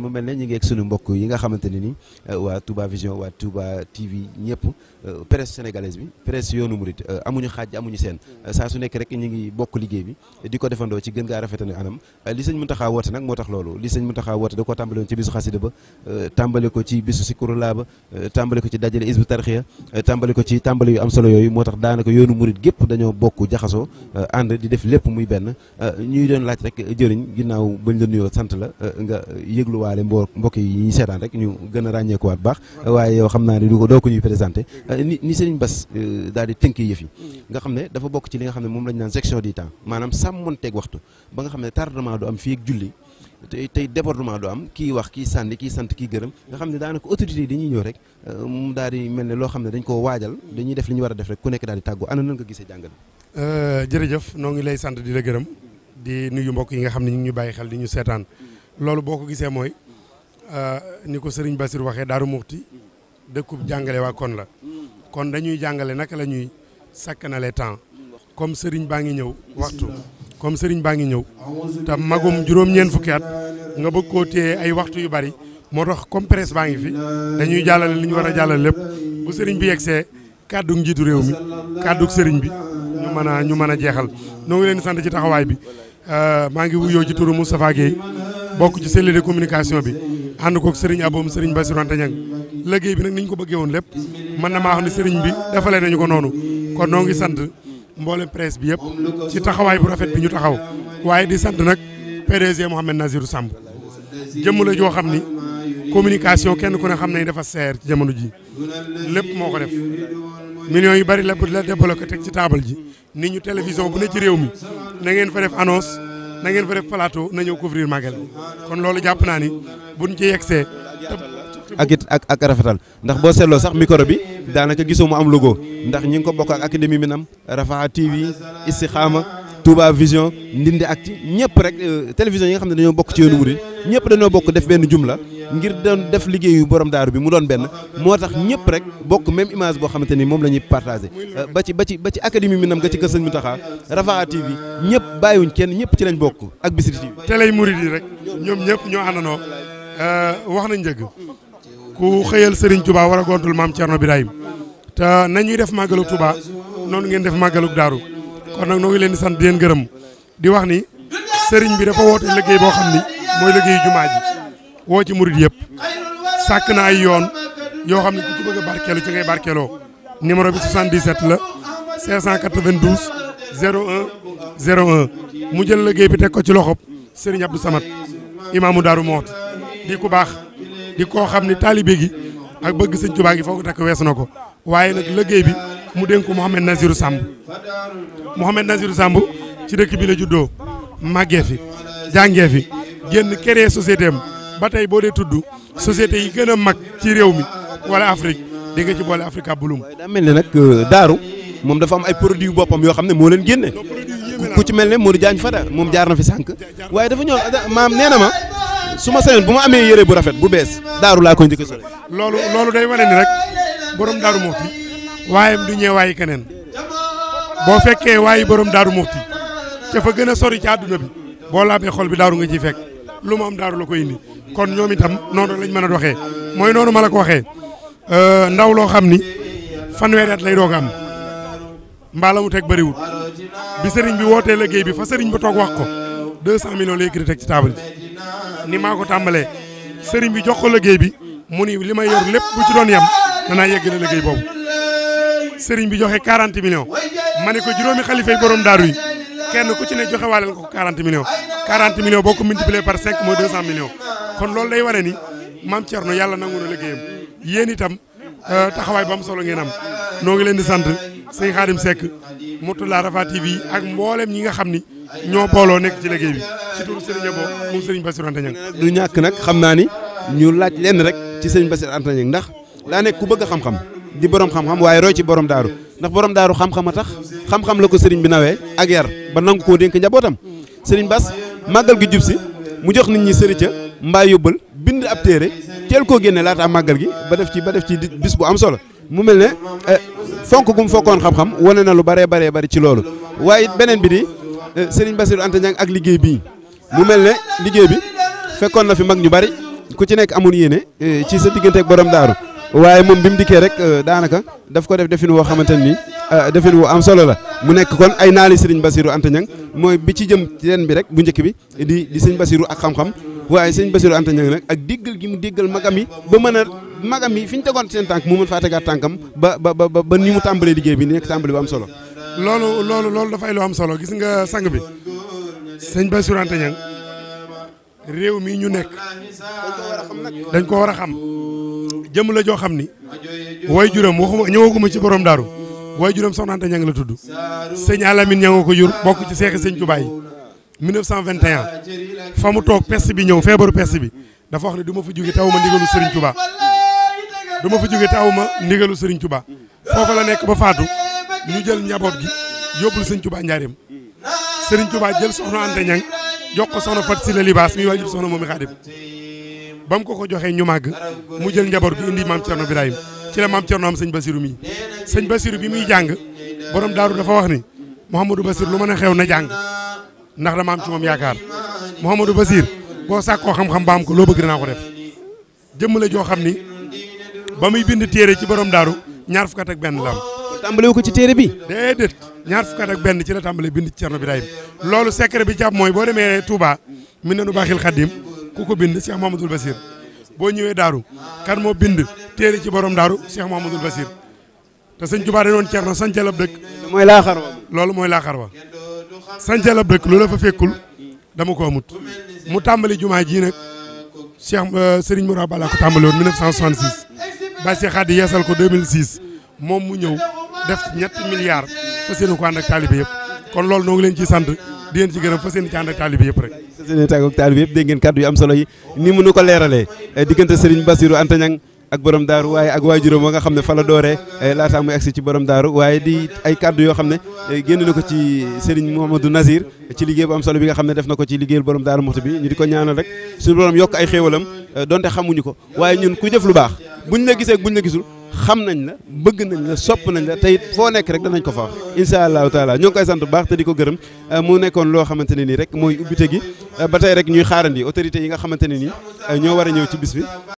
mu mel ne ñu ngi ak sunu mbokk yi nga xamante ni euh, waa Touba Vision waa Touba TV ñëpp euh, presse sénégalaise bi presse yoonu murit euh, amuñu xaaj amuñu seen saa su nekk rek ñu ngi bokk liggéey bi di ko defandoo ci gën gaa rafetane anam li sëñ Muntaxa woote nag moo tax loolu li sëñ Muntaxa woote da ko tàmbale woon ci bisu xasida ba tàmbale ko ci bisu sikuru laa ba tàmbale ko dajale isbu tarxiya tàmbale ko ci tàmbale yu am solo yooyu moo tax daanaka yoonu murit gépp dañoo bokk jaxasoo ànd di def lépp muy benn ñuy doon laaj rek jëriñ ginnaaw bañ la nuyoo la waale mbo mbokk yi ñu seetaan rek ñu gën a ràññeekuwaat baax waaye yow xam naa ne du ko doo ko ñuy présenté euh, ni ni Serigne Bass euh, daal di yëf yi nga xam ne dafa bokk ci li nga xam ne moom lañ naan gestion du temps maanaam sàmmonteeg waxtu ba nga xam ne tardement du am fii ak julli tey tey du am kii wax kii sànni ki sant ki gërëm nga xam ne daanaka autorité yi dañuy ñëw rek euh, mu daal di mel ne loo xam ne dañ koo waajal dañuy def li ñu war a def rek ku nekk daal di tàggoo ana noo ngi lay sant di la gërëm di nuyu mbokk yi nga xam ne ñu ngi ñu bàyyi xel di loolu boo ko gisee mooy euh, ni ko sëriñ Basir waxee Daaru Muxti dëkkub jàngale waa kon la kon dañuy jàngale naka la ñuy sakkanale temps comme sëriñ baa ngi ñëw waxtu comme sëriñ baa ngi ñëw te magum juróom-ñeent fukki at nga bëgg koo téye ay waxtu yu bari moo tax comme presse baa ngi fi dañuy jàllale li ñu war a jàllale lépp bu sëriñ bi yegsee kàddu njiitu réew mi kàddu sëriñ bi ñu mën a ñu mën a jeexal noo ngi leen sant ci taxawaay bi euh, maa ngi wuyoo ci turu Moustapha Guèye bokk ci cellule de communication bi ànd koog Serigne Aboum Serigne Bassirou Anta Niang liggéey bi nag ni ko bëggee woon lépp mën na maa wax ne Serigne bi defalee nañu ko noonu kon noo ngi sant mboole presse bi yëpp ci taxawaay bu rafet bi ñu taxaw waaye di sant nag PDG Mouhamed Nazirou Samb jëmm la joo xam ni communication kenn ku ne xam nañ dafa seer ci jamono ji lépp moo ko def millions yi bari lépp la débloqué teg ci taabal ji nit ñu télévision bu ne ci réew mi na ngeen fa def plateau na ñëw couvrir màggal kon loolu jàpp naa ni buñ ci yegsee ak it ak ak rafetal ndax boo seetloo sax micro bi daanaka gisoo mu am logo ndax ñi ngi ko bokk ak académie bi nam Rafah TV Istikhama Touba Vision Ndindi ak ci ñëpp rek euh, télévision yi nga xam ne dañoo bokk ci yoonu murid ñëpp dañoo bokk def benn jumla ngir doon def liggéeyu borom daaru bi mu doon benn moo tax ñëpp rek bokk même image boo xamante ni moom la ñuy partagé euh, ba ci ba ci ba ci académie mi nam nga ci kër sëñ Mountakha Rafah TV ñëpp bàyyiwuñ kenn ñëpp ci lañ bokk ak Bichri TV télé murid yi rek ñoom ñëpp ñoo noo euh, wax nañ njëgg ku xëyal Serigne tubaa war a gontul maam Thierno Birahim te nañuy def màggalu Touba noonu ngeen def màggalu daaru kon nag noo ngi leen di sant di leen gërëm di wax ni Serigne bi dafa woote liggéey boo xam ni woo ci murid yëpp sàkk na ay yoon yoo xam ne ku ci bëgg a barkeelu ci ngay barkeeloo numéro bi la 592 01 mu jël liggéey bi teg ko ci loxob Serigne Abdou Samad imaamu Daaru Mooti di ku baax di koo xam ne taalibe gi ak bëgg sëñ Tuubaa gi foog takk weesu na ko waaye nag liggéey bi mu dénk ko Mouhamed Nazirou Samb Mouhamed Nazirou Samb ci dëkk bi la juddoo màggee fi jàngee fi génn créer société ba tey boo dee tudd société yi gën a mag ci réew mi wala Afrique di ci boole Africa Bloom. daa mel ne nag euh, Daaru moom dafa am ay produits boppam yoo xam ne moo leen génne ku ci mel ne moo lu Diagne Fada moom jaar na fi sànq waaye dafa ñëw ah, maam nee na ma su ma sañoon bu ma amee yére bu rafet bu bees Daaru laa koy njëkk sole loolu loolu day wane ni rek borom Daaru Muxti waaye du ñëwee waaye keneen boo fekkee waaye borom Daaru Muxti ca fa gën a sori ci àdduna bi boo laabee xol bi daaru nga ciy fekk. lu mu am daaru la koy indi kon ñoom itam noonu lañ mën a doxee mooy noonu ma la ko waxee euh, ndaw loo xam ni fanweeri lay doo am mbaa la mu teg bëriwul bi sëriñ bi wootee liggéey bi fa sëriñ ba toog wax ko 200 millions la yëkkati teg ci taabal ji ni maa ko tàmbalee sëriñ bi jox ko liggéey bi mu ni li may yor lépp bu ci doon yem danaa yeggale liggéey boobu sëriñ bi joxe 40 millions ma ne ko juróomi xalifa yi borom daaru yi. kenn ku ci ne joxe waaleel nga ko 40 millions 40 boo ko multiplier par 5 mooy 200 millions kon loolu day wane ni maam Thierno yàlla nangu na liggéeyam yéen itam euh, taxawaay ba am solo ngeen am noo ngi leen di sant sëñ Xaadim Seck Mourtalla Rafah TV ak mboolem ñi nga xam ni ñoo booloo nekk ci liggéey bi ci turu Serigne Abo moom Serigne Bassirou Anta Niang du ñàkk nag xam naa ni ñu laaj lenn rek ci Serigne Bassirou Anta Niang ndax daa nekk ku bëgg xam-xam di borom xam-xam waaye roy ci borom daaru ndax borom daaru xam-xam a tax xam-xam la ko sëriñ bi nawee ak yar ba nangu koo dénk njabootam sëriñ bas màggal gi jub si mu jox nit ñi sëri ca mbaa yóbbal bind ab téere teel koo génne laata am màggal gi ba def ci ba def ci bis bu am solo mu mel ne eh, fonk gum fokkoon xam-xam wane na lu baree baree bari ci loolu waaye beneen bi di eh, sëriñ Bassirou Anta Niang ak liggéey bii mu mel ne liggéey bi fekkoon na fi mag ñu bari ku ci nekk amoon yéene eh, ci sa diggante ak borom daaru waaye moom bi mu dikkee rek euh, daanaka daf ko def defin woo xamante ni euh, defin wu am solo la mu nekk kon ay naali sëriñ Basiru Anta Ñang mooy bi ci jëm seen bi rek bu njëkk bi di di sëñ Basiru ak xam waaye sëñ Basiru Anta Ñang ak diggal gi mu diggal magam yi ba mën a magam yi fi ñu tegoon seen tànk mu mën faa tegaat tànkam ba ba ba ba ni mu tàmbalee liggéey bi nekk tàmbali am solo. loolu loolu loolu dafay lu am solo gis nga sang bi sëñ Basiru réew mii ñu nekk dañ ko dañ ko war a xam. jëm la joo xam ni way juram waxuma ñëwaguma ci borom daaru way juram soxna Anta Ñang la tudd sëñ Alamine Ñang ko jur bokk ci seexi sëñ Tuubaa yi 1921 fa mu toog peste bi ñëw feebaru peste bi dafa wax ne du ma fa jóge tawuma ndigalu Serigne Touba du ma fa jóge tawuma ndigalu Serigne Touba foofa la nekk ba faatu ñu jël njaboot gi yóbbul Serigne Touba njaareem Serigne Touba jël soxna Anta Ñang jox ko soxna Fat Sila Libaas mi waajib soxna moomi Xaadim ba mu ko ko joxee ñu màgg mu jël njaboot gi indi maam Thierno Birahim ci la maam Thierno am sëñ Basiru mi sëñ Basiru bi muy jàng borom daaru dafa wax ni Mouhamadou Basir lu mën a xew na jàng ndax dama am ci moom yaakaar Mouhamadou Basir boo sàkkoo xam-xam ba ko loo bëgg danaa ko def jëmm la joo xam ni ba muy bind téere ci borom daaru ñaar fukk ak benn la am. tàmbale ko ci téere bi. déedéet ñaar fukk ak benn ci la tàmbale bind ci Thierno Birahim loolu secret bi jàpp mooy boo demee Touba mi nanu baaxil xaddim ku ko bind Cheikh Mamadou Bassir boo ñëwee daaru kan moo bind téere ci borom daaru Cheikh Mamadou Bassir te sëñ Tuubaa da doon ceerno sancalab dëkk mooy laaxar wa loolu mooy laaxar wa sancalab dëkk lu la fa fekkul dama ko amut mu tàmbali jumaa ji nag Cheikh euh, Serigne Moura Balla ko tàmbali woon 1966 ba Cheikh Khady yeesal ko 2006 moom mu ñëw def ñetti milliards fa seen ko ànd ak taalibe yëpp kon loolu noo ngi leen ciy sant di leen ci gërëm fa seen i ci ànd ak taalibe yëpp rek fa seen i tàgg ak taalibe yëpp dégg am eh, diggante Serigne Bassirou Anta ak borom daaru waaye ak waajuram nga xam ne fa la dooree eh, laataa muy agsi ci borom daaru waaye di ay kàddu yoo xam ne eh, génn na ko ci Serigne Mouhamadou Nazir ci liggéey bu am solo bi nga xam ne def na ko ci liggéeyal borom daaru Muxti bi ñu di ko ñaanal rek suñu borom yokk ay xéewalam donte xamuñu ko waaye ñun ku def lu baax buñ la gisee buñ la gisul xam nañ la bëgg nañ la sopp nañ la tey foo nekk rek danañ ko faax incha allahu taala ñoo koy sant bu baax te di ko gërëm euh, mu nekkoon loo xamante ne nii rek mooy ubbite gi euh, ba tey rek ñuy xaarandi autorité yi nga xamante ne nii euh, ñoo war a ñëw ci bis bi.